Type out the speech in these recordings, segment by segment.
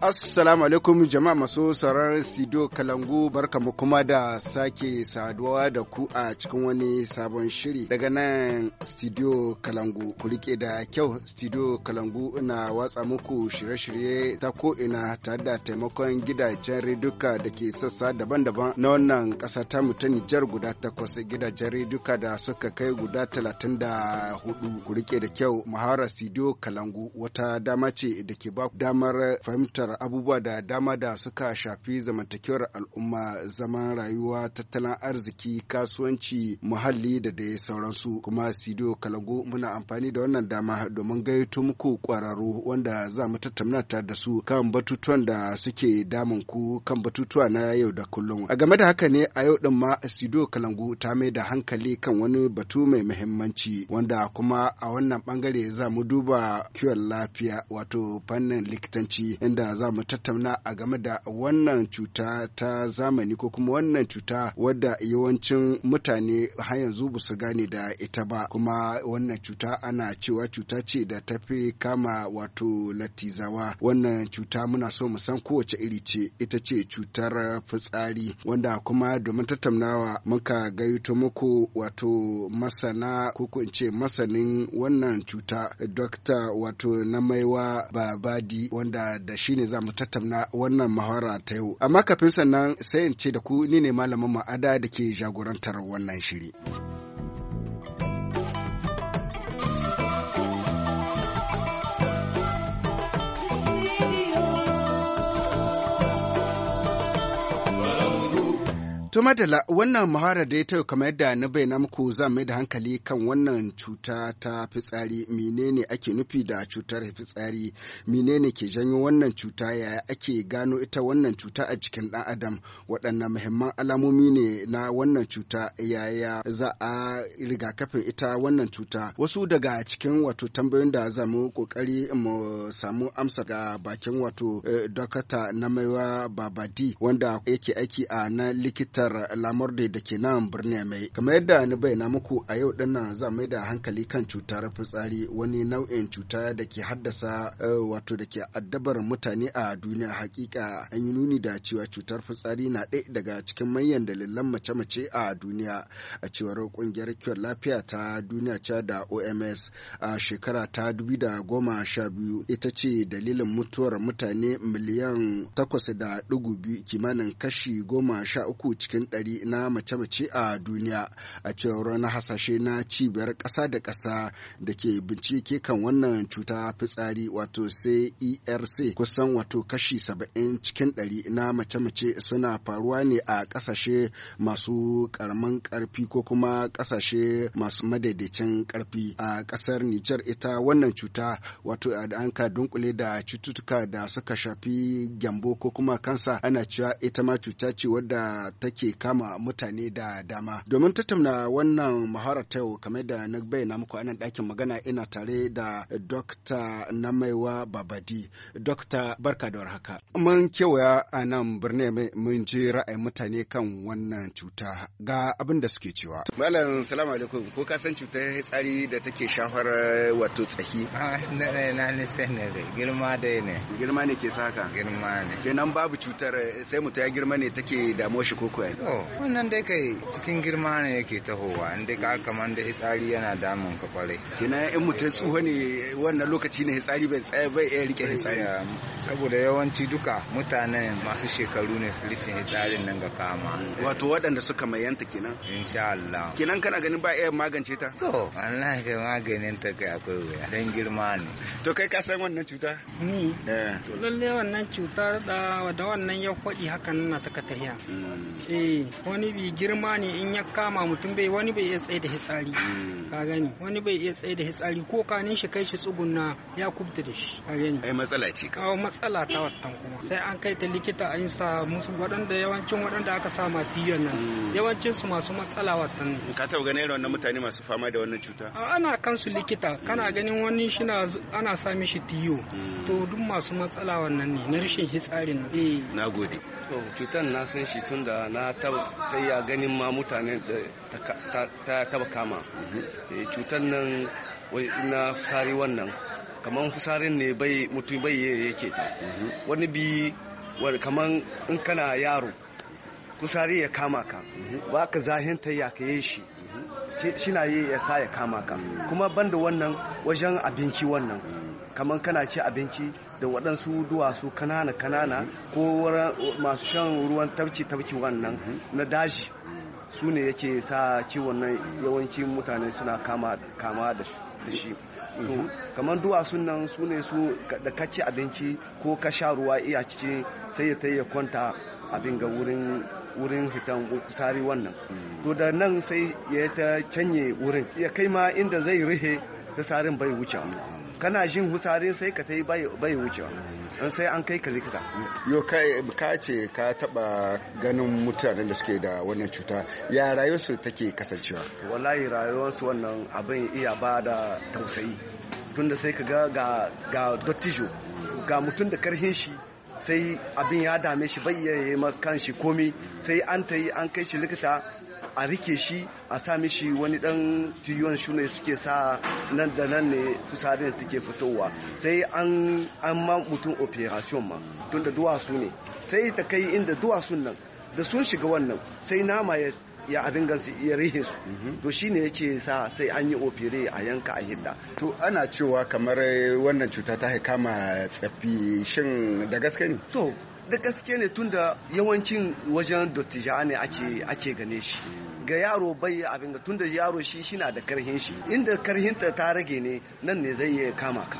Assalamu alaikum jama'a masu sauraron Sido Kalangu barkamu kuma da sake saduwa da ku a cikin wani sabon shiri daga nan Studio Kalangu. Ku rike da kyau Studio Kalangu na watsa muku shirye-shirye ta ko'ina tare da taimakon gidajen reduka da ke sassa daban-daban na wannan ƙasa ta mutum jar guda takwas gidajen reduka da suka kai guda talatin da hudu. Ku rike da kyau muhawarar Studio Kalangu wata dama ce da ke ba damar fahimtar fuskantar abubuwa da dama da suka shafi zamantakewar al'umma zaman rayuwa tattalin arziki kasuwanci muhalli da dai sauransu kuma sido kalangu muna amfani da wannan dama domin gayyato muku kwararru wanda za mu tattauna ta da su kan batutuwan da suke damun ku kan batutuwa na yau da kullum a game da haka ne a yau din ma sido kalangu ta mai da hankali kan wani batu mai muhimmanci wanda kuma a wannan bangare za mu duba kiwon lafiya wato fannin likitanci inda za mu tattauna a game da wannan cuta ta zamani ko kuma wannan cuta wadda yawancin mutane har yanzu ba su gane da ita ba kuma wannan cuta ana cewa cuta ce da ta fi kama wato latizawa wannan cuta muna so mu san kowace iri ce ita ce cutar fitsari wanda kuma domin tattaunawa muka gayyato muku wato masana ko ko ce masanin wannan cuta dr wato na maiwa babadi wanda da shine za mu tattauna wannan muhawara ta yau. Amma kafin sannan sai in ce da ku ni ne malamin ma'ada da ke jagorantar wannan shiri. To madala wannan muhara da ta kamar yadda na bayyana muku zan mai da hankali kan wannan cuta ta fitsari menene ake nufi da cutar fitsari menene ke janyo wannan cuta ya ake gano ita wannan cuta a jikin ɗan adam waɗanne muhimman alamomi ne na wannan cuta yaya za a rigakafin ita wannan cuta wasu daga cikin wato tambayoyin da za mu kokari mu samu amsa ga bakin wato eh, dakata na maiwa babadi wanda yake aiki a na likita jihar lamurde da ke nan birni mai kamar yadda ni bayyana muku a yau din nan za mai da hankali kan cutar fitsari wani nau'in cuta da ke haddasa eh, wato da ke addabar mutane a duniya hakika an yi nuni da cewa cutar fitsari na ɗaya daga cikin manyan dalilan mace-mace a duniya a cewar kungiyar kiwon lafiya ta duniya ce da oms a shekara ta biyu ita ce dalilin mutuwar mutane miliyan takwas da ɗigo kimanin kashi goma sha uku cikin ɗari na mace-mace a duniya a cewar na hasashe na cibiyar ƙasa da ƙasa da ke bincike kan wannan cuta fitsari wato cerc e kusan wato kashi saba'in cikin ɗari na mace-mace suna faruwa ne a ƙasashe masu ƙaramin ƙarfi ko kuma ƙasashe masu madaidaicin ƙarfi a ƙasar nijar ita wannan cuta wato an ka dunkule da cututtuka da suka shafi gyambo ko kuma kansa ana cewa ita ma cuta ce wadda take ke kama mutane da dama. Domin tattauna wannan mahara ta yau kamar da na bayyana muku anan ɗakin magana ina tare da Dokta Namaiwa Babadi. Dokta Barka da warhaka. Mun kewaya a nan birni mai mun ji ra'ayin mutane kan wannan cuta ga abin da suke cewa. Malam salamu alaikum ko ka san cutar tsari da take shafar wato tsaki? Ah, na ne girma dai ne. Girma ne ke saka? Girma ne. Kenan babu cutar sai mutum ya girma ne take damuwa shi koko kawai to wannan dai kai cikin girma ne yake tahowa in dai ka kaman da hitsari yana damun ka kwarai kina in mutum tsuho ne wannan lokaci ne hitsari bai tsaya bai iya rike hitsari saboda yawanci duka mutanen masu shekaru ne su rishin hitsarin nan ga kama wato waɗanda suka mayanta kenan insha Allah kenan kana ganin ba iya magance ta to Allah ya maganin ta kai akwai wuya dan girma ne to kai ka san wannan cuta ni eh. to lalle wannan cutar da wannan ya kwadi hakan na ta katahiya mm. ne wani bi girma ne in ya kama mutum bai wani bai iya tsaye da hitsari hmm. ka gani wani bai iya tsaye da hitsari ko kanin shi kai shi na ya kubta da shi ka gani ai matsala ce ka matsala ta wattan kuma sai an kai ta likita an sa musu waɗanda yawancin waɗanda aka sa ma fiyon nan hmm. yawancin su masu matsala wattan ka taɓa ganin irin wannan mutane masu fama da wannan cuta ana kansu likita kana hmm. ganin wani shi ana sa mishi tiyo to duk masu matsala wannan ne na rashin hitsarin eh na gode to cutan na san shi tun da na ma ta ya ganin ma mutane ta taba kama eh, cutar nan na fusari wannan kamar fusarin ne bai mutum bai yake ta wani bi kamar in kana yaro kusari ya kama ka ba ka zahinta ya ka yi shi shina yi ya sa ya kama ka kuma banda wannan wajen abinci wannan kamar kana ci abinci da waɗansu duwatsu kanana kanana ko masu shan ruwan tabci tabci wannan na daji su ne yake sa ciwon nan yawanci mutane suna kama da shi kamar duwatsun nan su ne su da kaci abinci ko ka sha ruwa iya cikin sai ya ta kwanta abin ga wurin hitan sari wannan to da nan sai ya ta canye wurin ya kai ma inda zai rihe ta sarin bai wuce kana jin hutare sai ka tai bai wucewa an sai an kai ka likita yo ka ce ka taba ganin mutanen da suke da wannan cuta ya rayuwarsu take kasancewa wallahi rayuwarsu wannan abin iya ba da tausayi tunda sai ka ga ga ga dottijo ga mutum da karhin shi sai abin ya dame shi bai yi shi komi sai an ta yi an kai shi likita a rike shi a sa mishi wani dan tuyuwan shune suke sa nan da nan ne fusarin suke fitowa sai an an ma mutum operation ma tun da duwatsu ne sai ta kai inda duwatsun nan da sun shiga wannan sai nama ya ya abin gansu ya rihe su mhm. to shine yake sa sai an yi ofere a yanka a hidda to ana cewa kamar wannan cuta ta kama tsaffi shin da gaske ne to da gaske ne tunda yawancin wajen dottija ne ake gane shi ga yaro bai abin da tunda yaro shi shina da karhin shi inda karhinta ta rage ne nan ne zai iya kama ka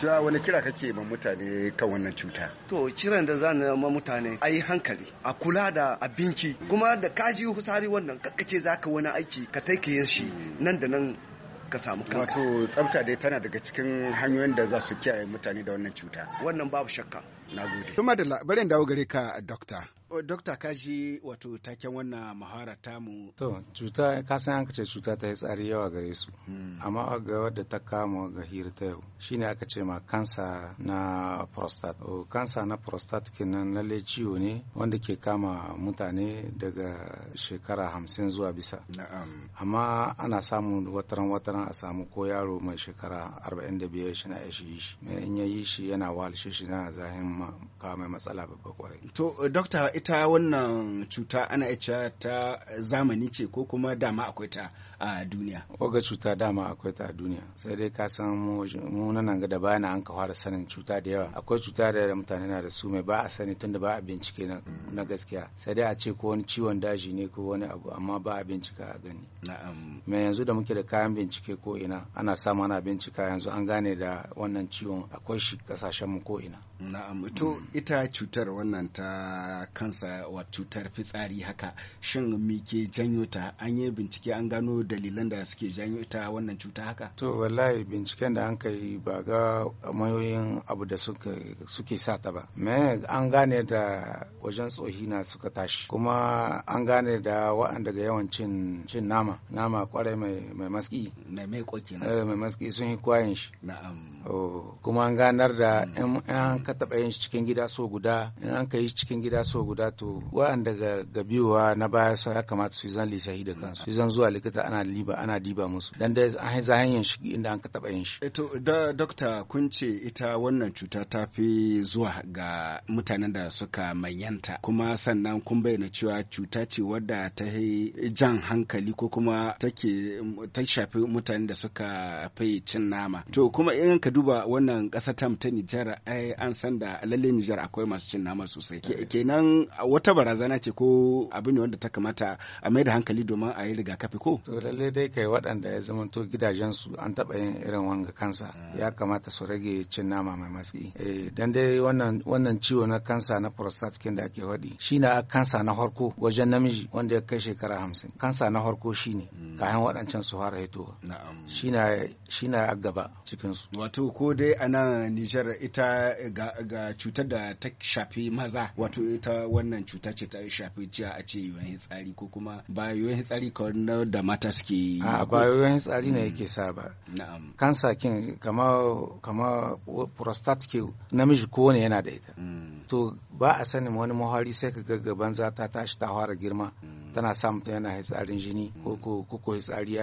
ta wani kira kake ma mutane kan wannan cuta to kiran da zan ma mutane ai hankali a kula da abinci kuma da kaji husari wannan kakkace zaka wani aiki ka taikayin shi nan da nan ka samu kanka wato tsafta dai tana daga cikin hanyoyin da za su kiyaye mutane da wannan cuta wannan babu shakka Na gode. Kuma da labarin dawo gare ka, Dokta. dokta kaji wato taken wannan mahara tamu to cuta ka san an ce cuta ta tsari yawa gare su hmm. amma ga wadda ta kama ga hira ta yau ne aka ce ma kansa na prostate o kansa na prostate kenan lalle ciwo ne wanda ke kama mutane daga shekara hamsin zuwa bisa amma ana samu wataran wataran a samu ko yaro mai shekara arba'in da biyar shi na ya shi shi in ya yi shi yana wahalshe shi na zahin kama matsala babba kwarai to dokta ita wannan cuta ana iya ta zamani ce ko kuma dama akwai ta a duniya Oga cuta dama akwai ta a duniya sai dai ka san mu nan ga da bayan an ka fara sanin cuta da yawa akwai cuta da mutane na da su mai ba a sani tunda ba a bincike na gaskiya sai dai a ce ko wani ciwon daji ne ko wani abu amma ba a bincika a gani Me yanzu da muke da kayan bincike ko ina ana samu ana bincika yanzu an gane da wannan ciwon akwai shi mu ko ina na'am to ita cutar wannan ta kansa wa cutar fitsari haka shin me ke janyo ta an yi bincike an gano dalilan da suke janyo ita wannan cuta haka to wallahi binciken da an kai ba ga mayoyin abu da suke sa ta ba me an gane da wajen tsohi na suka tashi kuma an gane da wa'an daga yawan cin cin nama nama kwarai mai maski mai mai koki na mai maski sun yi kwayan shi na'am kuma an ganar da in an ka taba yin shi cikin gida so guda in an ka yi cikin gida so guda to wa'an daga gabiwa na baya sa ya kamata su zan lisa da kansu su zan zuwa likita ana ana liba ana diba musu dan da an hanyar shi inda an ka taba yin shi eh to da dokta kun ce ita wannan cuta ta fi zuwa ga mutanen da suka manyanta kuma sannan kun bayyana cewa cuta ce wadda ta jan hankali ko kuma take ta shafi mutanen da suka fi cin nama to kuma in ka duba wannan ƙasa tam ta Nijar ai an san da lalle Nijar akwai masu cin nama sosai eh. kenan wata barazana ce ko abin wanda ta kamata a mai da hankali domin a yi rigakafi ko lalle dai kai waɗanda ya zamanto gidajensu an taɓa yin irin wanga kansa mm. ya kamata su rage cin nama mai matsi eh, dan dai wannan ciwo na kansa na prostate kin da ake waɗi shi na kansa na harko wajen namiji wanda ya kai shekara hamsin kansa na harko shi ne mm. kayan waɗancan su fara hitowa shi na a gaba cikinsu wato ko dai a nan nijar ita ga cutar da ta shafi maza wato ita wannan cuta ce ta shafi ciya a ce yiwuwan hitsari ko kuma ba yiwuwan hitsari kawai da mata suke yi a kwayoyin tsari ne yake sa ba kansa kin kama kama prostate ke namiji ko ne yana da ita mm. to ba a sanin wani muhari sai ka gaban za ta tashi ta fara girma mm. tana sa mutum yana tsarin jini ko mm. ko ko hitsari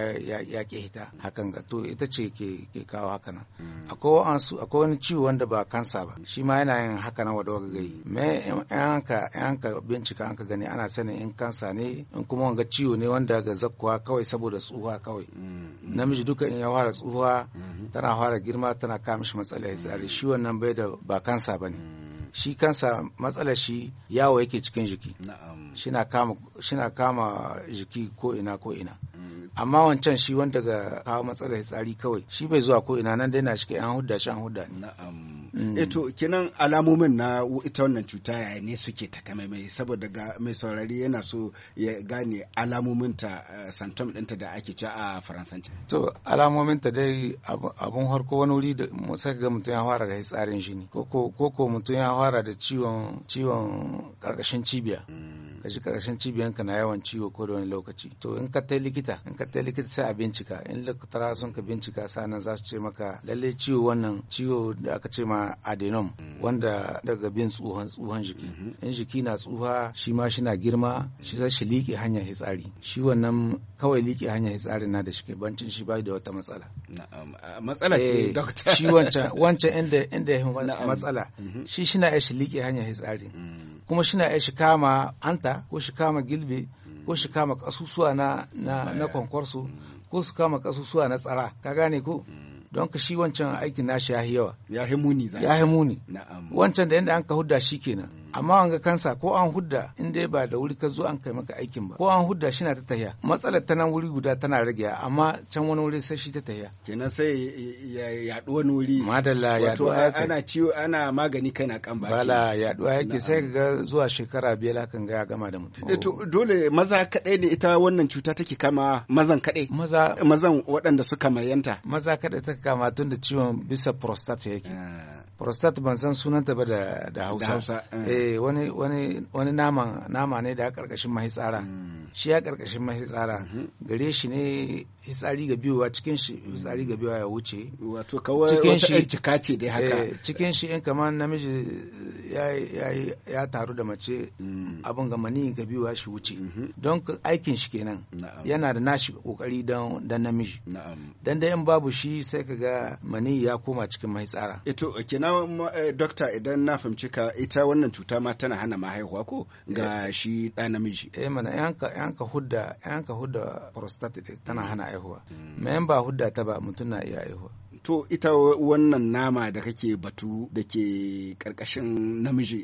ya ke hita hakan ga to ita ce ke kawo haka nan akwai wani ciwo wanda ba kansa ba shi ma yana yin haka nan wadda waka me an ka bincika an ka gani ana sanin in kansa ne in kuma wanga ciwo ne wanda ga zakkuwa kawai saboda saboda tsuwa kawai mm-hmm. namiji duka in ya fara tsuwa mm-hmm. tana fara girma tana kama shi matsala ya tsari mm-hmm. shi wannan bai da ba kansa ba ne shi kansa matsala shi yawo yake cikin jiki shina kama jiki ko ina ko ina amma wancan shi wanda ga kawo ya tsari kawai shi bai zuwa ko ina nan dai na shi an hudda shi an hudda ne Mm. Eto eh, kinan alamomin na ita wannan cuta ya ne suke takamaimai saboda mai saurari yana so ya gane alamomin ta eh, santom ɗinta da ake ci a faransanci. To alamomin ta dai abun harko wani wuri da musa ga mutum ya fara da tsarin shi ne ko ko mutum ya fara da ciwon ciwon karkashin cibiya. Mm. ka Kashi karkashin cibiyan ka na yawan ciwo ko da wani lokaci. To in ka tai likita in ka tai likita sai a bincika in likita sun ka bincika sanan za su ce maka lalle ciwo wannan ciwo da aka ce ma na adenom mm. wanda daga bin tsohon tsohon jiki mm-hmm. in jiki na tsuha shi ma shi na girma shi sai shi liƙe hanyar hitsari shi wannan kawai liƙe hanyar hitsari na da shi bancin shi bai da wata matsala matsala ce eh, doctor shi wancan wancan inda inda ya matsala mm-hmm. shi shi na shi liƙe hanyar hitsari mm. kuma shi na shi kama Anta, ko shi kama gilbe mm. ko shi kama kasusuwa na na kwankwarsu ko su kama kasusuwa na tsara ka gane ko don ka shi wancan aikin nashi ya yawa ya muni ya muni wancan da inda an ka hudda shi kenan mm. amma wanga kansa ko an hudda in dai ba da wuri ka zo an kai maka aikin ba ko an hudda shi na ta tahiya matsalar ta nan wuri guda tana rage amma can wani wuri sai shi ta tahiya kenan sai ya wani wuri madalla yaɗuwa yake ana ciwo ana magani kana kan baki bala yaɗuwa yake sai ka ga zuwa shekara biyar hakan ga ya gama da mutum eh, to dole maza kadai ne ita wannan cuta take kama mazan kadai maza mazan waɗanda suka mayanta maza kadai ta kama tun da ciwon bisa prostate yake ah. prostate ban san sunanta ba da, da hausa, da hausa eh, eh wani, wani, wani nama, nama ne da karkashin mahitsara tsara. Hmm. shi ya karkashin mahitsara tsara, mhm. gare shi ne hitsari ga biyuwa cikin shi hmm. hitsari ga biyuwa ya wuce wato kawai wata yan cika ce dai haka eh, cikin shi in kamar namiji ya, ya, ya, taru da mace hmm. abin ga mani ga biyuwa shi wuce mhm. don aikin shi kenan yana da nashi kokari don namiji dan da yan babu shi sai ka ga ya koma cikin mahitsara ito eh kenan na eh, dokta idan na fahimci ka ita wannan cuta ma tana hana ma haihuwa ko ga eh. shi ɗa namiji eh mana yanka ka hudda yanka hudda prostate tana hana haihuwa me hmm. ba hudda ta ba mutum na iya haihuwa to ita wannan nama da kake batu da ke karkashin namiji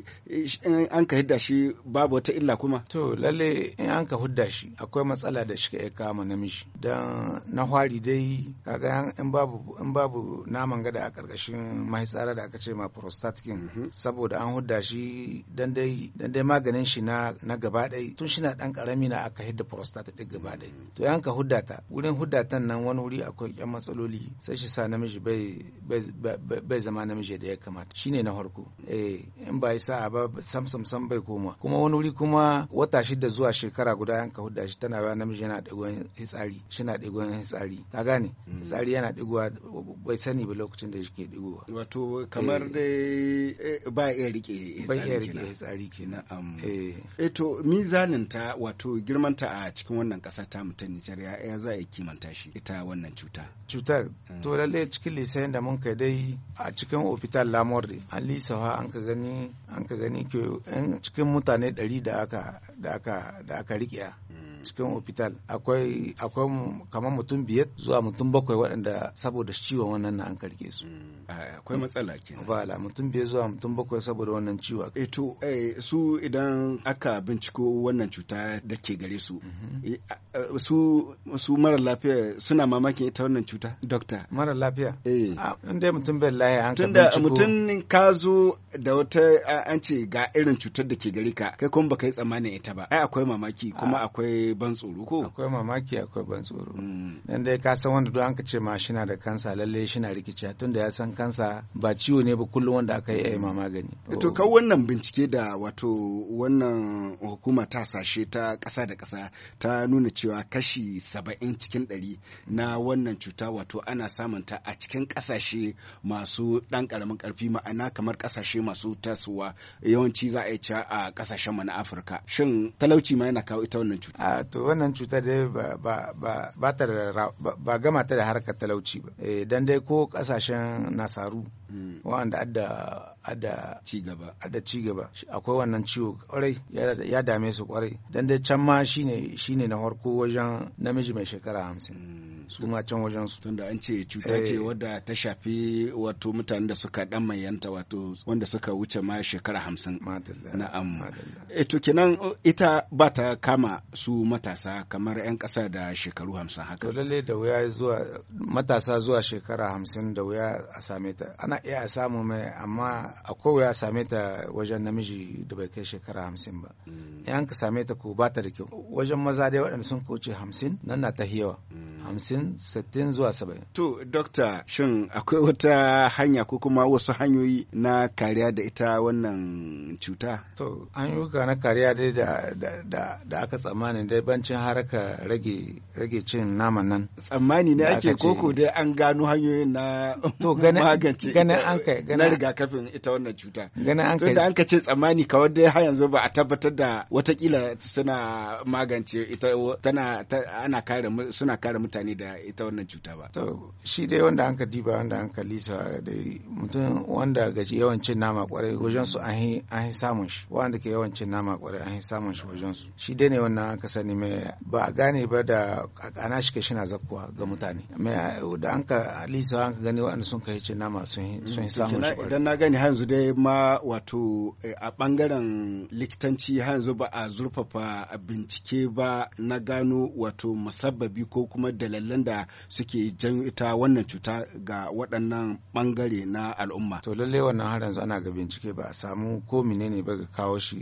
an ka hidda shi babu wata illa kuma to lalle in an ka hudda shi akwai matsala da shi ka kama namiji don na hwari dai kaga in babu in babu naman gada a karkashin mahitsara da aka ce ma prostate mm-hmm. saboda an hudda shi dan dai maganin shi na gaba dai tun shi na dan karami na aka hidda prostate gaba dai mm-hmm. to yanka ka hudda ta wurin hudda nan wani wuri akwai yan matsaloli sai shi sa namiji shi bai zama namiji da ya kamata shine na harko eh, in ba sa ba sam sam sam bai koma kuma wani wuri kuma wata shida zuwa shekara guda yan ka hudda shi tana ba namiji yana digon hitsari shina digon hitsari ka gane mm. hitsari yana digowa bai sani ba lokacin da yake digowa wato kamar eh. dai eh, ba iya rike hitsari bai iya rike hitsari kenan eh e to mizanin ta wato girman ta a cikin wannan kasa ta mutane Nijar ya za a kimanta shi ita wannan cuta cutar to mm. lalle cikin lisayen da mun kai dai a cikin ofital lamorde an lisawa an ka gani an ka gani cikin mutane 100 da aka da aka da aka hmm. cikin hospital akwai akwai kamar mutum biyar zuwa mutum bakwai waɗanda saboda ciwon wannan na an karge su mm. akwai matsala ke bala mutum biyar zuwa mutum bakwai saboda wannan ciwon eh to eh, su idan aka binciko wannan cuta da ke gare su mhm. eh, su su mara lafiya suna mamakin ita wannan cuta doctor mara lafiya eh ah, inda mutum bai lafiya an tunda mutum ka zo da wata an ce ga irin cutar da ke gare ka kai kuma baka yi tsammanin ita ba ai akwai mamaki kuma ah. akwai ban tsoro ko akwai mamaki akwai ban tsoro mm. dan dai ka san wanda an ka ce ma shi na da kansa lalle shi na rikici tunda ya san kansa ba ciwo ne ba kullum wanda aka yi ma magani to kawai wannan bincike da wato wannan hukuma ta sashe ta kasa da kasa ta nuna cewa kashi saba'in cikin ɗari na wannan cuta wato ana samun ta a cikin ƙasashe masu ɗan ƙaramin ƙarfi ma'ana kamar ƙasashe masu tasowa yawanci za a yi a kasashen mu na afirka shin talauci ma yana kawo ita wannan cuta to wannan cutar dai ba ta da ba gama ta da harkar talauci ba eh, don dai ko kasashen nasaru hmm. wa'anda adda adda ci gaba adda ci akwai wannan ciwo kwarai ya dame su kwarai don dai can ma shine shine na harko wajen namiji mai shekara hamsin hmm. su ma can wajen su tunda an ce cuta ce eh. wadda ta shafi wato mutanen da suka dan mayanta wato wanda suka wuce ma shekara hamsin na'am eh, to kenan ita ba ta kama su matasa kamar 'yan ƙasa da shekaru hamsin haka. lalle da wuya zuwa matasa zuwa shekara hamsin da wuya a same ta ana iya a samu mai amma akwai wuya a same ta wajen namiji da bai kai shekara hamsin ba mm. in ka same ta ko ba ta da kyau wajen maza dai waɗanda sun koce hamsin nan na ta yawa mm. hamsin sittin zuwa saba'in. To dokta shin akwai wata hanya ko kuma wasu hanyoyi na kariya da ita wannan cuta? To hanyoyi na kariya dai da, aka tsammani dai bancin haraka rage, rage cin naman nan. Tsammani ne ake koko dai an gano hanyoyin na to magance ganin an kai na rigakafin ita wannan cuta. Ganin an kai. an ka ce tsammani kawai dai har yanzu ba a tabbatar da watakila suna magance ita tana ana kare suna kare mutane mutane da ita wannan cuta ba to shi dai wanda an ka diba wanda an ka lisa da mutum wanda gaji yawan cin nama kwarai wajen su an yi samun shi wanda ke yawan cin nama kwarai an yi samun shi wajen su shi dai ne wannan an ka sani mai ba a gane ba da ana shi ke shi na zakkuwa ga mutane mai da an ka lisa an ka gani waɗanda sun ka yi cin nama sun yi mm, samun shi idan na gani yanzu dai ma wato eh, a bangaren likitanci yanzu ba a zurfafa bincike ba na gano wato musabbabi ko kuma da dalilan da suke janyo ita wannan cuta ga waɗannan ɓangare na al'umma. To lallai wannan har yanzu ana ga bincike ba a samu ko menene ba ga kawo shi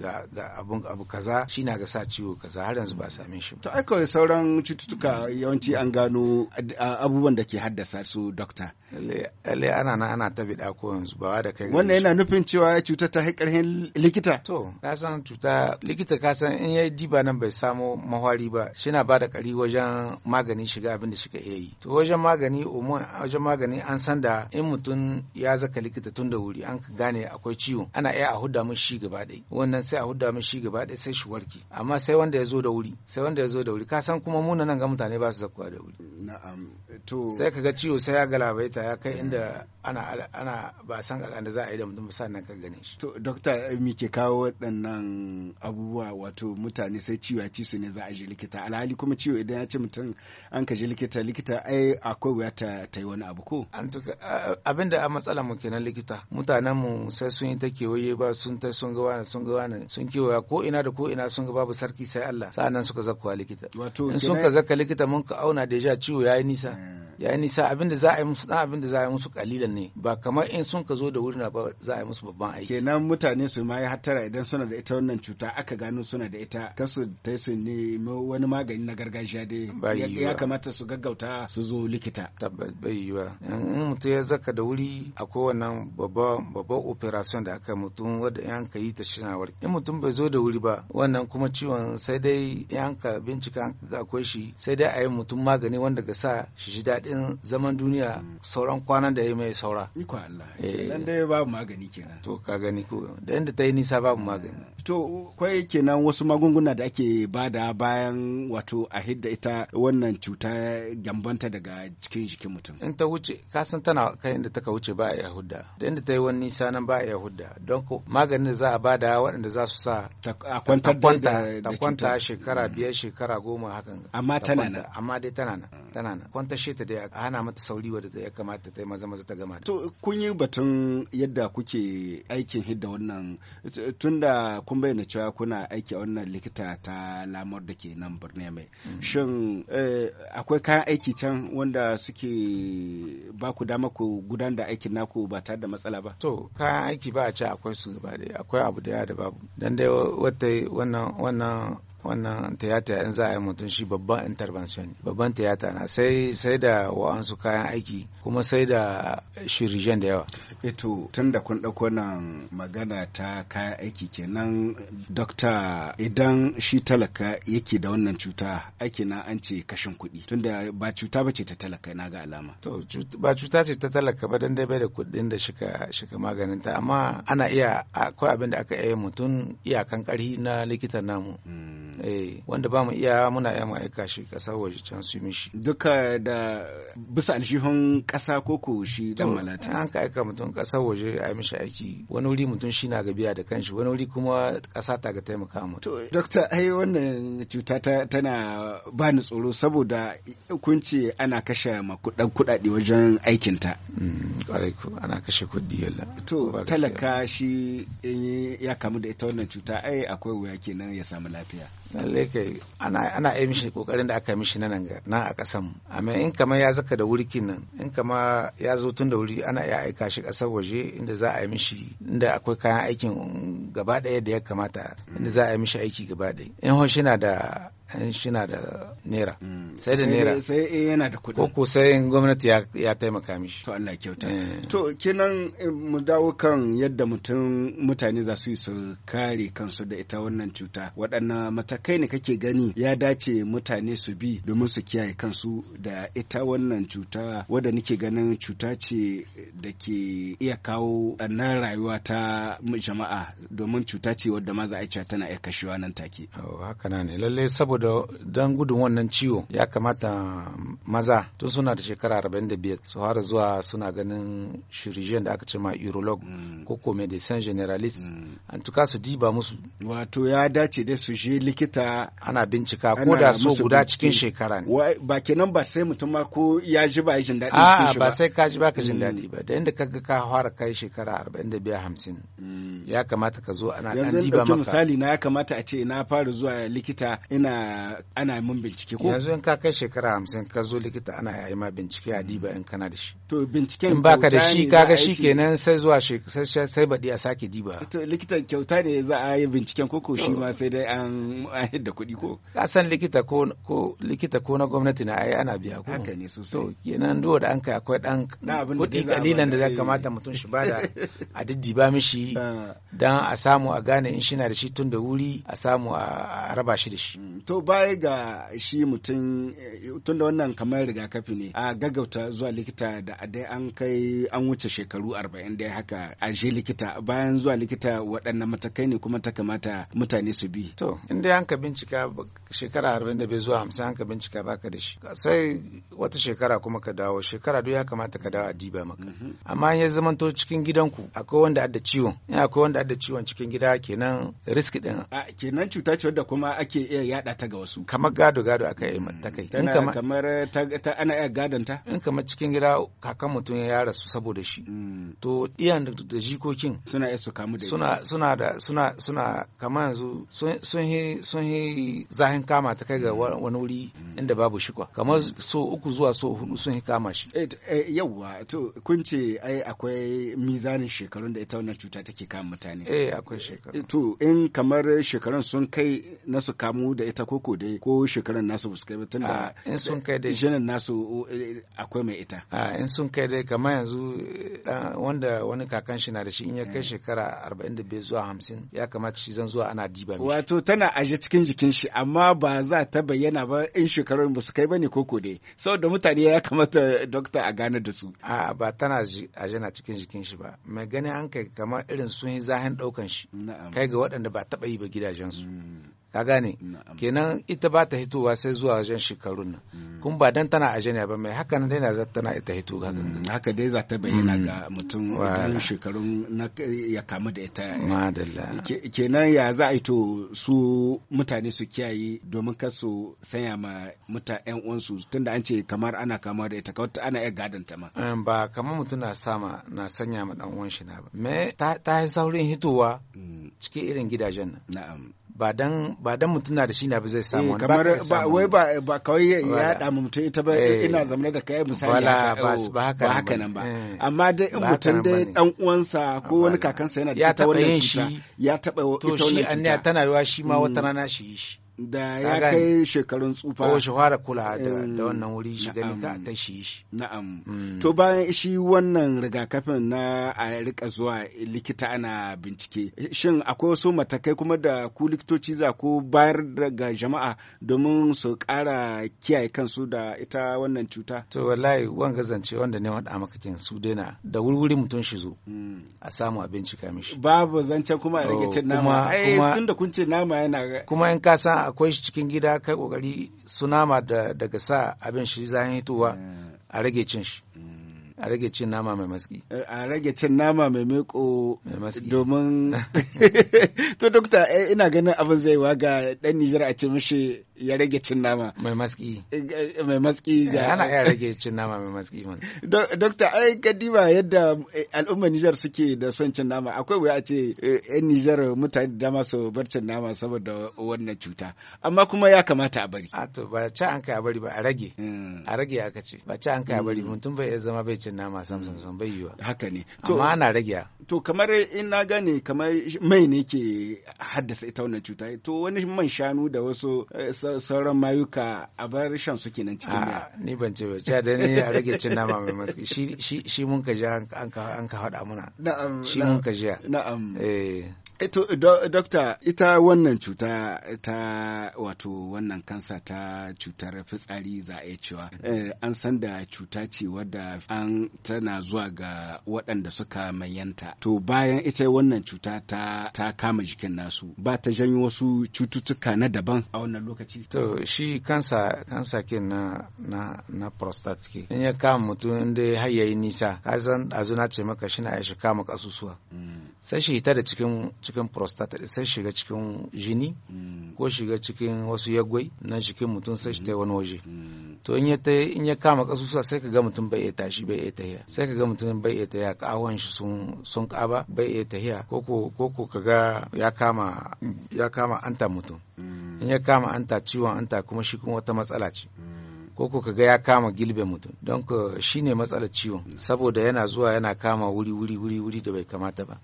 ga abu kaza shi na ga sa ciwo kaza har yanzu ba a same shi. To ai kawai sauran cututtuka yawanci an gano abubuwan da ke haddasa su dokta. Lalle ana na ana ta biɗa ko yanzu ba da kai. Wannan yana nufin cewa cuta ta haƙarhin likita. To ka san cuta likita ka san in ya diba nan bai samo mahwari ba shi na ba da ƙari wajen magani shiga abin da suka iya yi to wajen magani wajen magani an san da in mutum ya zaka likita tun da wuri an gane akwai ciwo ana iya a hudda mun shi gaba ɗaya wannan sai a hudda mun shi gaba ɗaya sai shi warke amma sai wanda ya zo da wuri sai wanda ya zo da wuri ka san kuma mu nan ga mutane ba su zakuwa da wuri na'am to sai kaga ciwo sai ya galabaita ya kai inda ana ana ba san kakan da za a yi da mutum sai nan ka gane shi to dokta eh, me ke kawo waɗannan abubuwa wato mutane sai ciwo ya ci su ne za a je likita alhali kuma ciwo idan ya ce mutum an ka je likita likita ai akwai wuya ta ta yi wani abu ko abin da a matsala mu kenan likita mutanen mu sai sun yi ta kewaye ba sun ta sun ga wani sun ga wani sun kewaya ko ina da ko ina sun ga babu sarki sai Allah sa'annan suka zakkuwa likita wato in sun ka zakka likita mun ka auna deja ciwo yayi nisa eh. yayi nisa abin da za a yi musu dan abin da za a yi musu kalilan ne ba kamar in sun ka zo da wuri na ba za a yi musu babban aiki kenan mutane su ma yi hattara idan suna da ita wannan cuta aka gano suna da ita kasu ta su ne wani magani na gargajiya dai ya kamata su gaggauta su zo likita tabbas bai yiwa in mutum ya zaka da wuri akwai wannan babban operation da aka mutum wadda yan ka yi ta shinawar in mutum bai zo da wuri ba wannan kuma ciwon sai dai yan ka bincika an ga akwai shi sai dai a yi mutum magani wanda ga sa shi ji daɗin zaman duniya sauran kwanan da ya mai saura iko Allah dan eh. dai babu magani kenan to ka gani ko da inda ta yi nisa babu magani to kwai kenan wasu magunguna da ake bada bayan wato a hidda ita wannan wannan cuta gambanta daga cikin jikin mutum in ta wuce ka san tana kai inda ta wuce ba a iya hudda da inda ta yi wani nisa nan ba a iya hudda don ko maganin da za a bada waɗanda za su sa a kwantar da ta kwanta shekara mm. biyar shekara goma hakan amma tana nan amma dai tana nan tana nan kwanta shi ta dai a hana mata sauri wadda ya kamata ta yi maza maza ta gama to kun yi batun yadda kuke aikin hidda wannan tunda kun bayyana cewa kuna aiki a wannan likita ta lamar da ke nan birni mai mm. shin eh, akwai kayan aiki can wanda suke ba ku dama ku gudanar da aikin naku ba tare da matsala ba to kayan aiki ba a ce akwai su gaba da akwai abu da ya da babu dan dai wannan wannan tiyata in za a yi mutum shi babban intervention babban tiyata na sai sai da wa'ansu kayan aiki kuma sai da shirijen da yawa eto eh tun da kun ɗauko nan magana ta kayan aiki kenan dokta idan shi talaka yake da wannan cuta aiki na an ce kashin kuɗi tun da ba cuta ba ce ta talaka na ga alama to ba cuta ce ta talaka ba dan dai bai da kuɗin da shika shika maganin ta amma ana iya akwai abin da aka yi mutum iyakan ƙarhi na likitan namu hmm. Eh, wanda ba mu iya muna iya aika shi kasa waje can su mishi duka da bisa alshihun kasa ko ko shi dan malata an ka aika mutum kasa waje a yi mishi aiki wani wuri mutum shi na gabiya da kanshi wani wuri kuma kasa ta ga taimaka mu to dokta ai wannan cuta ta tana ba ni tsoro saboda kun ce ana kashe makudan kudade wajen aikin ta kwarai mm, ana kashe kuɗi yalla to talaka shi eh, ya kamu da ita wannan cuta ai akwai wuya kenan ya samu lafiya lalle kai ana ana yi mishi kokarin da aka mishi nan nan a kasan amma in kamar ya zaka da wuri nan in kama ya zo tun da wuri ana iya aika shi kasar waje inda za a yi mishi inda akwai kayan aikin gaba daya da ya kamata inda za a yi mishi aiki gaba daya in hoshi na da Eh, shina da naira mm. sai da naira sai eh, yana da kuɗi ko sai gwamnati ya taimaka mishi to Allah kyauta eh. to kenan mu dawo kan yadda mutum mutane za su yi su kare kansu da ita wannan cuta waɗannan matakai ne kake gani ya dace mutane su bi domin su kiyaye kansu da ita wannan cuta wadda nake ganin cuta ce da ke iya kawo annan rayuwa ta jama'a domin cuta ce wadda ma za a tana iya kashewa nan take haka ne lallai saboda saboda don gudun wannan ciwo ya kamata maza tun suna da shekara 45 su fara zuwa suna ganin shirurgiyan da aka ce ma urolog mm. ko ko medecin generalist mm. an tuka su diba musu wato ya dace da su je likita ana bincika ko da so guda cikin shekara ne ba kenan ba sai mutum ma ko ya ji ba jin daɗi a ba sai ka ji ba ka jin mm. daɗi ba da inda kaga ka fara kai shekara 45 50 ya kamata ka zo ana ɗan diba maka yanzu misali na ya kamata a ce na fara zuwa likita ina ana min bincike ko yanzu in ka kai shekara hamsin ka zo likita ana yi ma bincike a diba in kana da shi to binciken in baka da shi kaga shi kenan sai zuwa sai baɗi a sake diba to likita kyauta ne za a yi binciken ko ko shi ma sai dai an da kuɗi ko ka san likita ko ko likita ko na gwamnati na ai ana biya ko haka ne sosai to kenan duwa da an kai akwai dan kuɗi kalilan da zaka kamata mutum shi bada a diddiba mishi ah. dan a samu a gane in shi na da shi tun da wuri a samu a raba shi da shi mm, to baya ga shi mutum eh, tun da wannan kamar rigakafi ne a gaggauta zuwa likita da adai an kai an wuce shekaru arba'in da haka a je likita bayan zuwa likita waɗannan matakai ne kuma ta kamata mutane su bi. To in dai an ka bincika shekara arba'in da bai zuwa hamsin an ka bincika baka da shi sai wata shekara kuma ka dawo shekara duk ya kamata ka dawo a diba maka. Mhm. Amma ya to cikin gidanku akwai wanda adda ciwon akwai wanda adda ciwon cikin gida kenan risk din. Kenan cuta ce wadda kuma ake iya yada ta ga wasu kamar gado gado aka yi mata kai in kamar ta ana iya gadon ta in kamar cikin gida kakan mutum ya rasu saboda shi hmm. to iyan da jikokin suna iya su kamu da suna suna da suna suna kamar yanzu sun he sun he zahin kama ta kai ga wani wuri hmm. inda babu kwa kamar so uku zuwa so hudu sun he kama shi eh, eh, yauwa to kun ce ai akwai mizanin shekarun da ita wannan cuta take kama mutane eh akwai shekaru to in kamar shekarun sun kai na su kamu da ita ko ko dai ko shekaran nasu ba su kai ba tunda ah, in sun kai dai jinin nasu eh, akwai mai ita A ah, in sun kai dai kamar yanzu eh, wanda wani kakan shi na da shi in ya kai eh. shekara 45 zuwa 50 ya kamata shi zan zuwa ana diba mishi wato tana aje cikin jikin shi amma ba za ta bayyana ba in shekarun ba su kai bane ko ko dai saboda mutane ya kamata dokta a gane da su a ah, ba tana aje na cikin jikin shi ba mai gani an kai kamar irin sun yi zahin daukan shi kai ga waɗanda ba taɓa yi ba gidajensu hmm. ka gane kenan ita ba ta hitowa sai zuwa wajen shekarun nan mm. kun ba dan tana ajene ba mai haka nan dai na zata na ita hito haka mm, haka dai za ta bayyana mm. ga mutum wajen shekarun ya kamu da ita madalla kenan ya za a yi to su mutane su kiyaye domin kar su sanya ma muta yan uwansu tunda an ce kamar ana kama da ita kawai ana iya gadon ta ma ba kamar mutum na sama na sanya ma dan uwan shi na ba me ta yi saurin hitowa cikin irin gidajen na. na'am ba dan mutum na da shi na ba zai samu eh, wani kamar ba wai ba ba kawai ya yada mu mutum ita ba eh. ina zamana da kai misali ba oh, ba haka ba haka nan ba eh. amma dai in mutum dai dan uwansa ko wani kakansa yana da ita wannan cuta ya taba ita wannan cuta to shi an tana ruwa shi ma mm. wata rana shi shi da ya kai shekarun tsufa ko oh, shi fara kula da eh, wannan wuri shi gani ka ta shi shi na'am hmm. to bayan shi wannan rigakafin na a rika zuwa likita ana bincike shin akwai wasu matakai kuma da ku likitoci za ku bayar daga jama'a domin su ƙara kiyaye kansu da ita wannan cuta to wallahi wanga gazance wanda ne wanda maka kin su daina da wurwuri mutum shi zo hmm. a samu a bincika mishi babu zance kuma a rage cin oh, nama ai tunda kun ce nama yana kuma in ka san akwai shi cikin gida kai kokari su nama daga sa abin shi zahin hitowa a rage cin shi a rage cin nama mai maski a rage cin nama mai meko domin to dokta eh, ina ganin abin zai waga ga dan Nijar a ce mishi ya rage cin nama mai maski eh, mai maski da ana ya rage cin nama mai maski man dokta ai kadima yadda eh, al'ummar Nijar suke da son cin nama akwai wuya a ce eh, yan Nijar mutane da dama su bar cin nama saboda wannan cuta amma kuma ya kamata a bari a to ba ci an kai a bari ba a rage hmm. a rage aka ce ba ci an kai a bari hmm. mutum bai zama bai cin nama sam sam sam bai yiwa haka ne amma ana rage to kamar in na gane kamar mai ne ke haddasa ita wannan cuta to wani man shanu da wasu sauran mayuka a bar shan su kenan cikin ah, ya. ni ban ce ba cha da ni a rage cin nama mai matsi shi shi mun ka ji an ka an ka faɗa muna na'am shi mun ka ji na'am eh Eto, eh, do, dokta, ita wannan cuta ta wato wannan kansa ta cutar fitsari za a cewa eh, an san da cuta ce wadda an tana zuwa ga waɗanda suka mayanta. To bayan ita wannan cuta ta, ta kama jikin nasu ba ta janyo wasu cututtuka na daban a wannan lokaci. To shi kansa kansa ke na, na, na prostate ke. In ya kama mutum inda har yayi nisa, ka san ɗazu na ce maka shi na ya shi kama kasusuwa. Mm. Sai shi ita da cikin cikin prostate sai shiga cikin jini mm. ko shiga cikin wasu yagwai nan cikin mutum sai shi ta wani waje mm. Mm. to in ya ta in ya kama kasusuwa sai ka ga mutum bai iya tashi bai iya tahiya sai ka ga mutum bai iya tahiya kawon shi sun sun kaba bai iya tahiya koko koko ka ga ya kama ya kama anta mutum in ya kama anta ciwon anta kuma shi kuma wata matsala ce ko ka ga ya kama gilbe mutum don ka shi ne matsalar ciwon saboda yana zuwa yana kama wuri wuri wuri wuri da bai kamata ba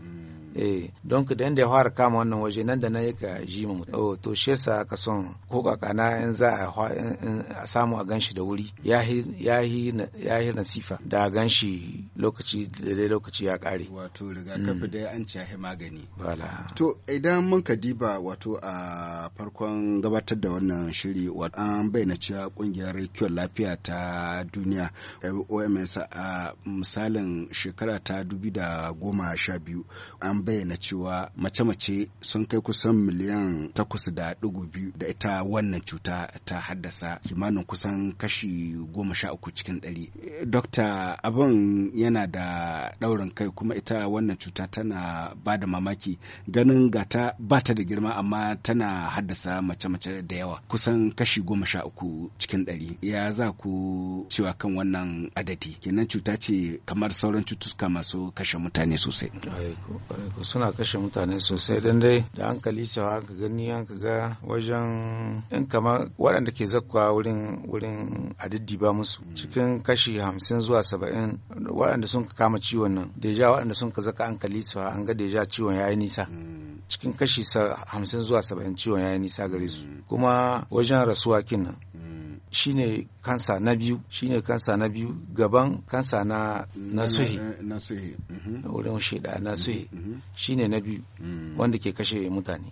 eh don da ya fara kama wannan waje nan da yi ka ji mu oh, to shi yasa ka son ko kakana in za a samu a ganshi da wuri ya yi nasifa da a ganshi lokaci da dai lokaci ya kare wato rigakafi mm. dai an ci magani wala to idan mun ka diba wato a farkon gabatar da wannan shiri an bayyana cewa kungiyar kiwon lafiya ta duniya eh, OMS a misalin shekara ta 2012 an bayyana cewa mace-mace sun kai kusan miliyan takwas da ɗigo biyu da ita wannan cuta ta haddasa kimanin kusan kashi goma sha uku cikin ɗari. Dokta abin yana da ɗaurin kai kuma ita wannan cuta tana ba da mamaki ganin gata ba ta da girma amma tana haddasa mace-mace da yawa kusan kashi goma sha uku cikin ɗari. Ya za ku cewa kan wannan adadi kenan cuta ce kamar sauran cututtuka masu kashe mutane sosai. suna kashe mutane sosai don dai da hankali cewa an ka gani an ka ga wajen in kama waɗanda ke zakwa wurin wurin adiddiba musu mm. cikin kashi hamsin zuwa saba'in waɗanda sun kama ciwon nan deja waɗanda sun ka zaka hankali cewa an ga deja ciwon ya yi nisa mm. cikin kashi hamsin zuwa saba'in ciwon ya yi nisa gare su mm. kuma wajen rasuwa kin nan shine kansa na biyu shine kansa na biyu gaban kansa na nasuhi suhi mhm. wurin sheda na mhm. Mhm. shine na biyu wanda ke kashe mutane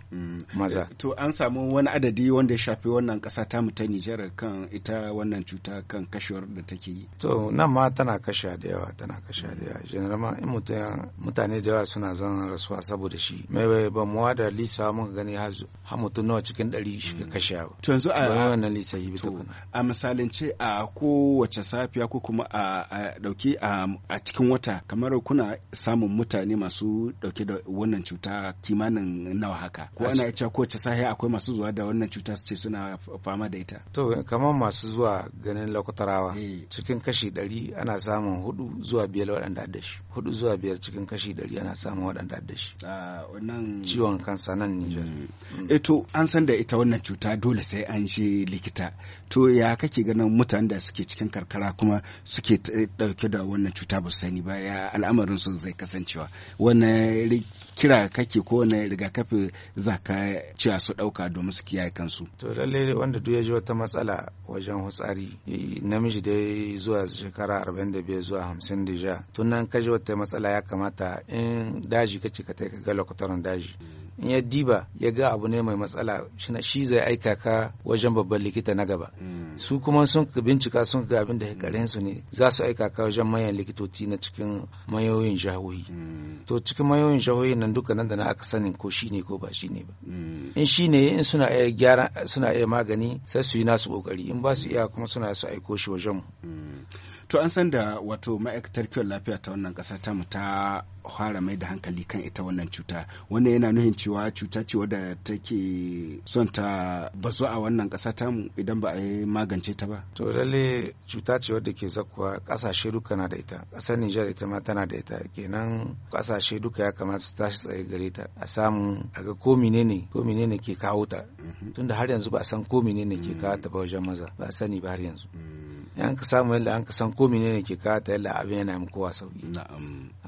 maza eh, to an samu wani adadi wanda ya shafi wannan kasa ta mu ta Nijar kan ita wannan cuta kan kashewar da take yi to nan ma tana kashe da yawa tana kashe da yawa generally in mutane da yawa suna zan rasuwa saboda shi mai ba mu da lisa muka gani har mutum nawa cikin 100 shi mm. kashe to yanzu a wannan lisa yi a misalin ce ce a kowace safiya ko kuma a dauki a cikin wata kamar kuna samun mutane masu dauke da wannan cuta kimanin nawa haka ko ana cewa kowace safiya akwai masu zuwa da wannan cuta su ce suna fama da ita to kamar masu zuwa ganin lokutarawa. Eh. cikin kashi ɗari ana samun hudu zuwa biyar waɗanda da shi hudu zuwa biyar cikin kashi ɗari ana samun waɗanda da shi wannan ciwon kansa nan Nijar mm. eh to an san da ita wannan cuta dole sai an je likita to ya kake ganin mutanen da suke cikin karkara kuma suke dauke eh, da wannan cuta ba sani ba ya al'amarin sun zai kasancewa wannan kira kake ko wani rigakafi za ka cewa su ɗauka domin su kiyaye kansu. To lalle wanda duk ya ji wata matsala wajen hutsari namiji dai zuwa shekara arba'in da biyar zuwa hamsin da tun nan ka ji wata matsala ya kamata in daji kace ka kai ka ga lokutan daji. in ya diba ya ga abu ne mai matsala shi zai aika ka wajen babban likita na gaba hmm. su kuma sun bincika sun ga abin da hikarin su ne za su aika ka wajen manyan likitoci na cikin mayoyin jahohi hmm. to cikin mayoyin jahohi wannan duka nan da na aka sanin ko shi ne ko ba shi ne ba mm. in shi ne in suna iya gyara suna iya magani sai su yi nasu kokari in ba su iya kuma suna su aiko shi wajen mu mm. to an san da wato ma'aikatar kiwon lafiya ta wannan kasa ta mu ta fara mai da hankali kan ita wannan cuta wannan yana nuhin cewa cuta ce wadda take son ta bazu a wannan kasa ta mu idan ba a yi magance ta ba to lalle cuta ce wadda ke zakuwa kasashe duka na da ita kasar Nijar ita ma tana da ita kenan ƙasashe duka ya kamata su tashi tsaye gare ta a samu a ga ko menene ko menene ke kawo ta mhm. tunda har yanzu ba a san ko menene ke mm. kawo ta ba wajen maza ba a sani ba har yanzu mm. yan ka samu yadda an ka san ko ne ke kawo ta yadda abin yana mu kowa sauki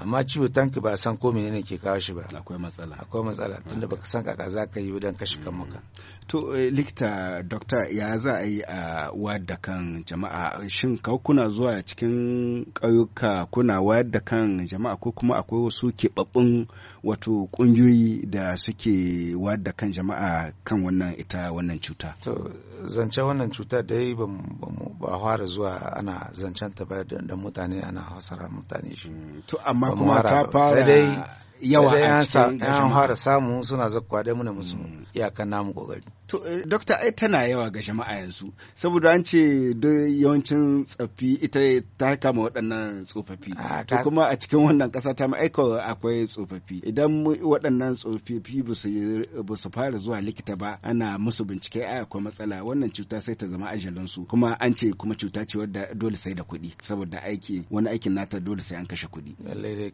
amma ciwo tanki ba san ko ne ke kawo shi ba akwai matsala akwai matsala tunda baka san kaka za ka yi dan kashi kan maka mm. to eh, likita doctor ya za a yi a wayar da kan jama'a shin ka kuna zuwa cikin ƙauyuka kuna wayar da kan jama'a ko kuma akwai wasu keɓaɓɓun wato ƙungiyoyi da suke wayar da kan jama'a kan wannan ita wannan cuta to zance wannan cuta dai ba fara zuwa zuwa ana zancen ta da mutane ana hasara mutane shi mm, to amma kuma ta fara yawa a cikin an fara samu suna zakkwa mu muna musu mm. iyakan namu kokari to eh, dokta ai tana yawa ga jama'a yanzu saboda an ce yawancin tsaffi ita ta kama waɗannan tsofaffi ah, to kuma a cikin wannan ƙasa ta aika akwai tsofaffi idan waɗannan tsofaffi ba su fara zuwa likita ba ana musu bincike ai akwai matsala wannan cuta sai ta zama su. kuma an ce kuma cuta ce wadda dole sai da kuɗi saboda aiki wani aikin nata dole sai an kashe kuɗi lallai dai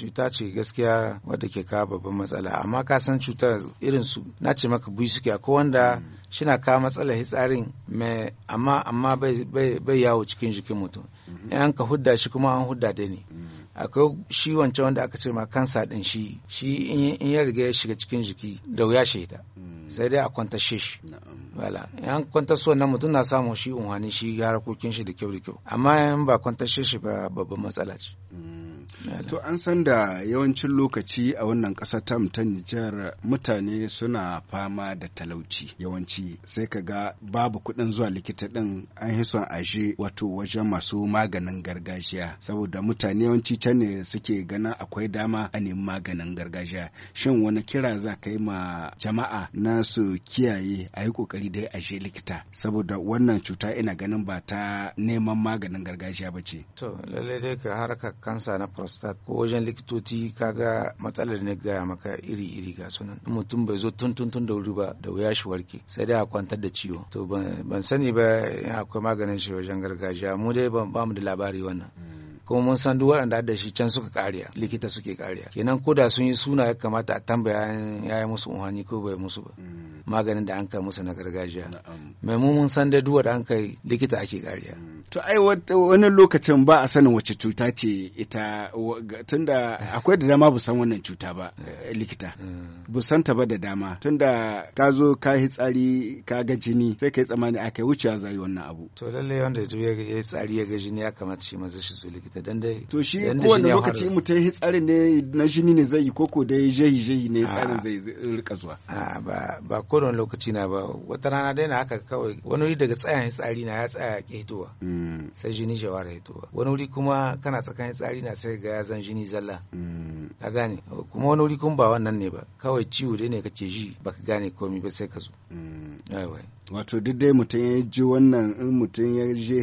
cuta ce gaskiya cuta wadda ke kawo babban matsala amma ka san cutar irin su na ce maka bui suke ko wanda shina kawo matsalar hitsarin mai amma amma bai yawo cikin jikin mutum in ka hudda shi kuma an hudda da ne akwai shi wancan wanda aka ce ma kansa din shi shi in ya riga ya shiga cikin jiki da wuya shi ta sai dai a kwanta shi wala 'yan kwanta kwantaso na mutum na samun shi unhani shi harkokin shi da kyau da kyau amma in ba kwanta shi ba babban matsala ce To an san da yawancin lokaci a wannan ƙasar ta ta Nijar mutane suna fama da talauci yawanci sai ka ga babu kuɗin zuwa likita ɗin an yi son aje wato wajen masu maganin gargajiya saboda mutane yawanci can ne suke gana akwai dama a nemi maganin gargajiya shin wani kira za ka yi ma jama'a na su kiyaye a yi ƙoƙari dai aje likita saboda wannan cuta ina ganin ba ta neman maganin gargajiya ba ce. To lallai dai ka harkar kansa na prostate ko wajen likitoci kaga matsalar ne gaya maka iri-iri ga sunan mutum bai zo tun tun tun da wuri ba da wuya shi warke sai dai a kwantar da ciwo to ban sani ba in akwai maganin shi wajen gargajiya mu dai ba mu da labari wannan hmm. kuma mun san duk waɗanda da shi can suka kariya likita suke kariya kenan ko da sun yi suna ya kamata a tambaya ya yi musu unhani ko bai musu ba hmm. maganin da an kai musu na gargajiya mai mun san da duk da an kai likita ake kariya hmm. To ai wani lokacin ba a sanin wace cuta ce ita tunda akwai da dama san wannan cuta ba eh. Eh, likita. Eh. ta ba da dama tunda ka zo ka yi tsari ka ga jini sai ka yi tsammani a kai wuce zai wannan abu. To lallai wanda ya yi tsari ya ga jini ya kamata shi maza shi zo likita dan dai. To shi kowane lokaci mutum ya tsari ne na jini ne zai yi koko dai jehi jehi ne ah. tsarin zai rika zuwa. A ah, ba ba kowane lokaci na ba wata rana dai na haka kawai wani daga tsayayen tsari na ya tsaya ke hitowa. Mm. Mm. sai jini ya fara hitowa wani wuri kuma kana tsakanin tsari na sai ga zan jini zalla mm. ka gane kuma wani wuri kuma ba wannan ne ba kawai ciwo dai ne kace ji baka gane komai ba sai ka zo mm. wato duk dai mutum ya ji wannan in mutum ya je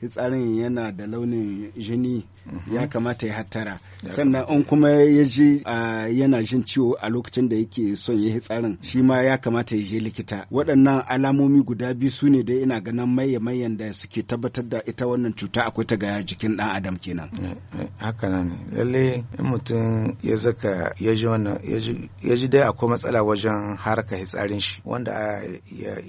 hitsarin yana da launin jini mhm. ya kamata ya hattara sannan in kuma ya ji yana jin ciwo a lokacin da yake son ya hitsarin shi ma ya kamata ya je likita waɗannan alamomi guda biyu su ne dai ina ganin maye mayan da suke tabbatar da ita wannan cuta akwai ta gaya jikin ɗan adam kenan eh, eh, haka nan lalle in mutum ya zaka ya ji wannan ya ji dai akwai matsala wajen harka hitsarin shi wanda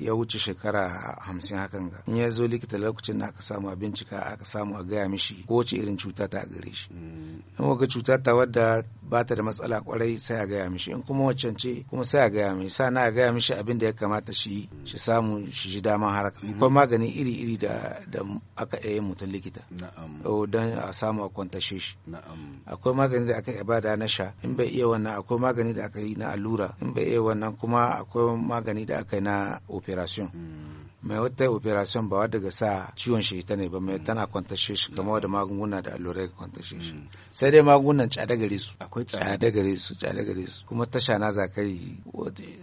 ya wuce shekara hamsin hakan ga in ya zo likita lokacin da aka samu a bincika aka samu a gaya mishi ko wace irin cuta ta a gare shi mm. in waga cuta ta wadda ba ta da matsala kwarai sai a gaya mishi in kuma waccan ce kuma sai a gaya mishi sa na a gaya mishi abin da ya kamata shi mm. shi samu shi ji dama har mm. akwai magani iri iri da da aka iya mutum likita don a samu a kwantashe shi akwai magani da aka iya bada na sha in bai iya wannan akwai magani da aka yi na allura in bai iya wannan kuma akwai magani da aka yi na opération. Hmm. mai wata operation ba daga sa ciwon shi ta ne ba mai tana kwantashe shi kamar da magunguna da allurai kwantashe shi mm. sai dai magungunan tsada gare su akwai tsada gare su tsada gare su kuma tasha na za kai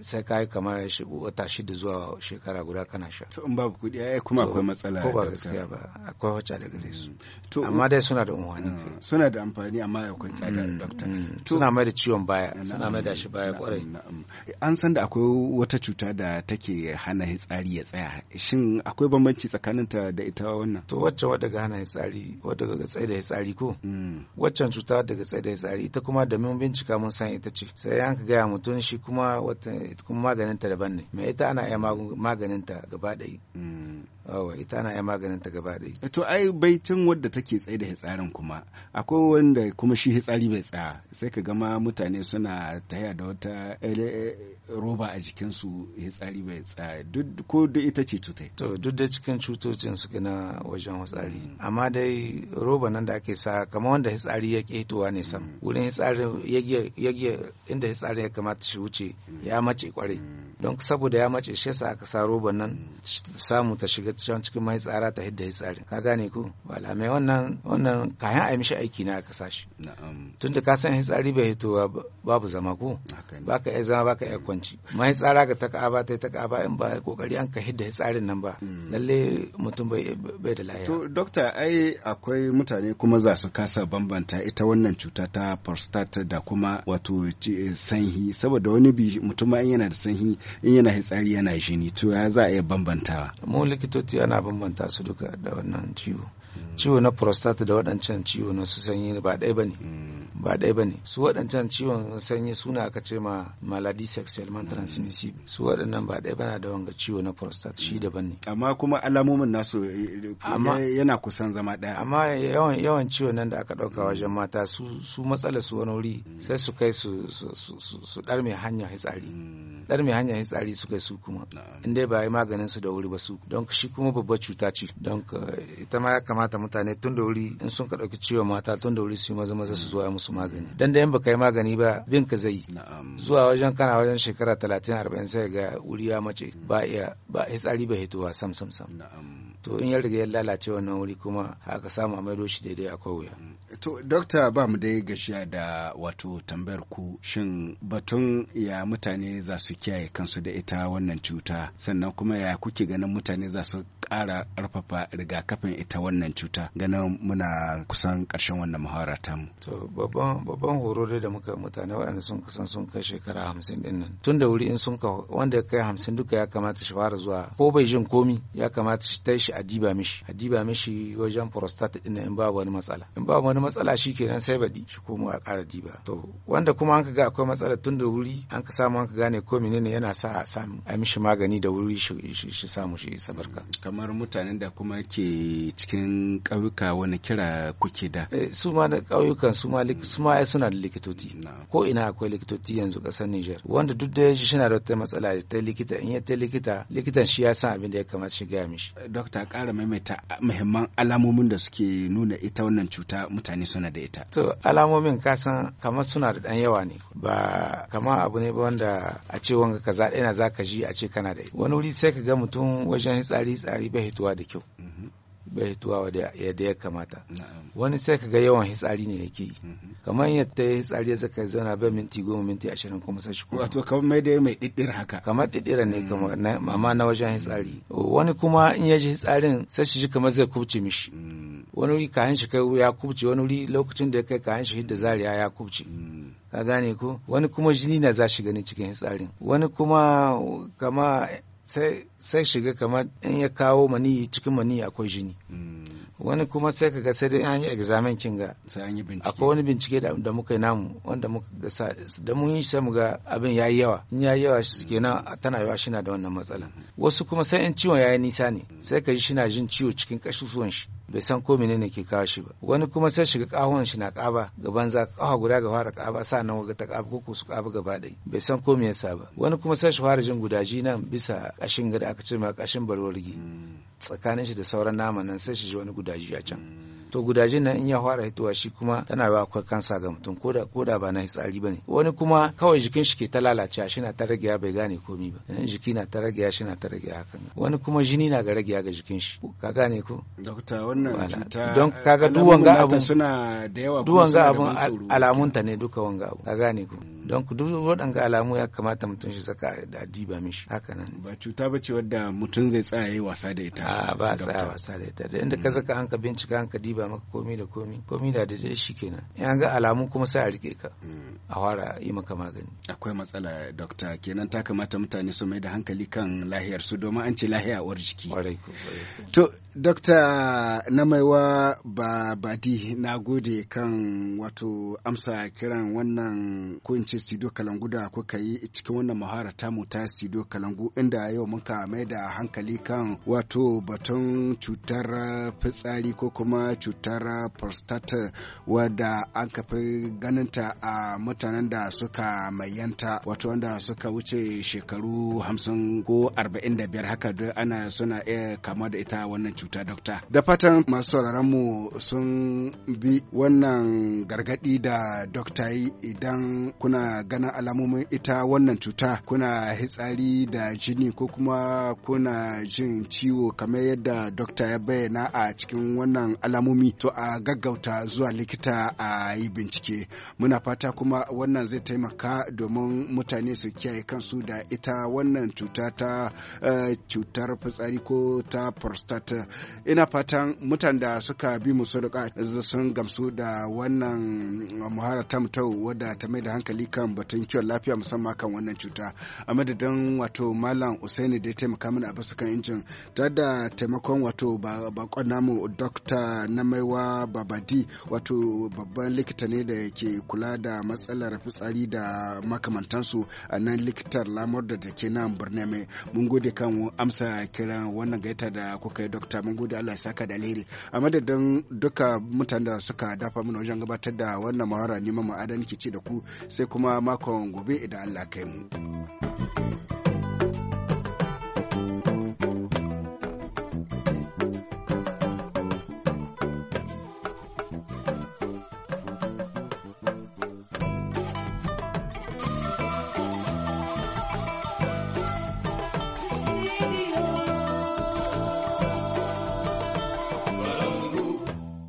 sai kai kamar wata shida zuwa shekara guda kana sha to in babu kudi ai kuma akwai matsala ko ba gaskiya ba akwai wata da gare su mm. amma dai suna da amfani mm, suna da amfani amma akwai tsada doctor suna mai da ciwon baya suna mai da shi baya kwarai an san da akwai wata cuta da take hana hitsari ya tsaya shin akwai bambanci tsakanin ta da ita wannan to wacce wadda ga hana tsari wadda ga tsaye da tsari ko hmm. waccan cuta daga tsaye da tsari ita kuma da mun bincika mun san ita ce sai an ka gaya mutum shi kuma wata kuma maganin ta daban ne mai ita ana iya maganin ta gaba ɗaya hmm. awa ita ana iya maganin ta gaba ɗaya eh, to ai baitin wadda take tsaye da hitsarin kuma akwai wanda kuma shi hitsari bai tsaya sai ka gama mutane suna taya da wata eh, eh, roba a jikinsu hitsari bai tsaya duk ko da ita ce yi. to duk da cikin cutocin suke na wajen hitsari amma dai roba nan da ake sa kamar wanda hitsari ya ketowa ne sam mm. wurin hitsari giya inda hitsari ya kamata shi wuce mm. ya mace kwarai mm. don saboda ya mace shi yasa aka sa roba nan samu ta shiga cikin mai tsara ta hidda hitsari ka gane ku wala mai wannan wannan kayan a yi mishi aiki na aka tun tunda ka san hitsari bai hitowa babu zama ko baka iya zama baka iya kwanci mai tsara ka ta ka'aba ta ta ka'aba in ba kokari an ka hidda hitsari ƙarin nan ba hmm. lalle mutum bai da lahiya to dokta ai akwai mutane kuma za su kasa bambanta ita wannan cuta ta prostate da kuma wato eh, sanyi saboda wani bi mutum in yana da sanhi in yana hitsari yana jini to ya za a iya bambantawa mu likitoci ana bambanta su duka da wannan ciwo hmm. ciwo na prostate da waɗancan ciwo na su sanyi ba ɗaya ba ne hmm. ba ɗaya ba ne su waɗancan ciwon sanyi suna aka ce ma maladi sexuellement transmissible mm. su waɗannan ba ɗaya bana da wanga ciwo na prostate shi mm. daban ne amma kuma alamomin nasu eh, eh, eh, yana kusan zama ɗaya amma yawan yawan ciwon nan da aka ɗauka mm. wajen mata su su matsala su wani wuri sai su kai su su ɗar mai hanya hitsari ɗar mai hanya hitsari su kai su kuma in dai ba yi maganin su da wuri ba su don shi kuma babbar cuta ce don ita ma ya kamata mutane tun da wuri in sun ka ɗauki ciwon mata tun da wuri su yi maza maza su zuwa musu musu magani dan da baka yi magani ba bin ka zai zuwa wajen kana wajen shekara 30 40 sai ga wuri mace ba iya ba hitsari ba hitowa sam sam sam to in ya riga ya lalace wannan wuri kuma haka samu a maido shi daidai akwai wuya. to dokta ba mu dai gashiya da wato tambayar ku shin batun ya mutane za su kiyaye kansu da ita wannan cuta sannan kuma ya kuke ganin mutane za su ƙara ƙarfafa rigakafin ita wannan cuta ganin muna kusan karshen wannan muhawara ta mu. to babban horo dai da muka mutane waɗanda sun kusan sun kai shekara hamsin ɗin nan tun da wuri in sun ka wanda ya kai hamsin duka ya kamata shi fara zuwa ko bai jin komi ya kamata shi ta shi a diba mishi a diba mishi wajen prostate din in ba wani matsala in ba wani matsala shi sai badi shi kuma a ƙara diba to wanda kuma an ka ga akwai matsala tun da wuri an ka samu an ka gane ko menene yana sa a samu a mishi magani da wuri shi samu shi sabarka kamar mutanen da kuma ke cikin ƙauyuka wani kira kuke da eh, su ma da ƙauyukan su ma su ma suna da likitoci ko ina akwai likitoci yanzu ƙasar Niger wanda duk da shi na da wata matsala ta likita in ya ta likita likitan shi ya san abin da ya kamata shi gaya mishi dokta ta kara maimaita muhimman alamomin da suke nuna ita wannan cuta mutane suna da ita. To alamomin kasan kamar suna da ɗan yawa ne ba kamar abu ne ba wanda a ce wanga kaza ɗaya na ka ji a ce kana da wani wuri sai ka ga mutum wajen hitsari hitsari bai hituwa da kyau. Mhm. bai hituwa yadda ya kamata wani sai ka ga yawan hitsari ne yake yi mhm. kamar yadda ya tsari zaka zauna bai minti goma minti ashirin kuma sashi shi kuma wato kamar mai da mai ɗiɗɗira haka kamar ɗiɗɗira ne hmm. kamar amma na wajen hitsari wani kuma in ya ji hitsarin sai shi kamar zai kubce mishi hmm. wani wuri kayan shi kai ya kubce wani wuri lokacin da ya kai kayan shi hidda zariya ya kubce hmm. ka gane ko wani kuma jini na za shi gani cikin hitsarin wani kuma kama sai shiga kamar in ya kawo mani cikin mani akwai jini wani kuma sai ka ga sai dai an yi examen kin ga sai an yi bincike akwai wani bincike da muka yi namu wanda muka ga da mun yi sai mu ga abin yayi yawa in yayi yawa shi tana yawa shi na da wannan matsala wasu kuma sai in ciwon yayi nisa ne sai ka ji shi na jin ciwo cikin suwan shi bai san ko menene ke kawo shi ba wani kuma sai shiga kahon shi na kaba ga banza kawa guda ga fara kaba nan waga ta kaba ko su kaba gaba dai bai san ko me sa ba wani kuma sai shi fara jin gudaji nan bisa kashin gada aka ce ma kashin barwargi hmm. tsakanin shi da sauran nama nan sai shi ji wani gudaji a can hmm. to gudaje nan in ya fara hitowa shi kuma tana ba kwa kansa ga mutum koda koda ba na hitsari bane wani kuma kawai jikin shi ke ta lalacewa shi na ta ragewa bai gane komi ba jiki na ta ragewa shi na ta ragewa hakan wani kuma jini na ga ragewa ga jikin shi ka gane ko dokta wannan cuta don kaga duwan ga abun suna da yawa duwan ga abun alamunta ne duka wanga abu ka gane ko don ku duk waɗanga alamu ya kamata mutum shi saka da diba mishi haka nan ba cuta ba ce wadda mutum zai tsaya yi wasa da ita a ba tsaya wasa da ita da inda ka mm. saka hanka bincika hanka diba maka komi da komi komi da da shi kenan in an ga alamu kuma sai a rike ka mm. a fara yi maka magani akwai matsala dokta kenan ta kamata mutane su mai da hankali kan lahiyar su domin an ce lahiya uwar jiki to Dokta Namaiwa Babadi na gode kan wato amsa kiran wannan kunci in Sido Kalangu da kuka yi cikin wannan muhara tamu ta Sido Kalangu inda yau muka mai da hankali kan wato batun cutar fitsari ko kuma cutar prostate wadda an kafi ganinta a mutanen da suka mayanta wato wanda suka wuce shekaru hamsin ko arba'in haka duk ana suna iya kama da ita wannan cuta dokta da fatan masu sauraron mu sun bi wannan gargadi da dokta yi idan kuna ganin alamomin ita wannan cuta kuna hitsari da jini ko kuma kuna jin ciwo kamar yadda dokta ya bayyana a cikin wannan alamomi to a gaggauta zuwa likita a yi bincike muna fata kuma wannan zai taimaka domin mutane su kiyaye kansu da ita wannan cuta ta eh, cutar fitsari ko ta prostate ina fatan mutan da suka bi mu sadaka sun gamsu da wannan muhara ta mutau wadda ta mai da hankali kan batun kiwon lafiya musamman kan wannan cuta a madadin wato malam usaini da ya taimaka mana a basu kan injin ta da taimakon wato bakon namu dokta na babadi wato babban likita ne da ke kula da matsalar fitsari da makamantansu a nan likitar lamar da ke nan birnin mai mun gode kan amsa kiran wannan gaita da kuka yi dokta samun mun gode Allah ya saka da alheri a madadin duka mutanen da suka dafa mana wajen gabatar da wannan mawara neman ma'adani ke ci da ku sai kuma makon gobe idan Allah kai mu.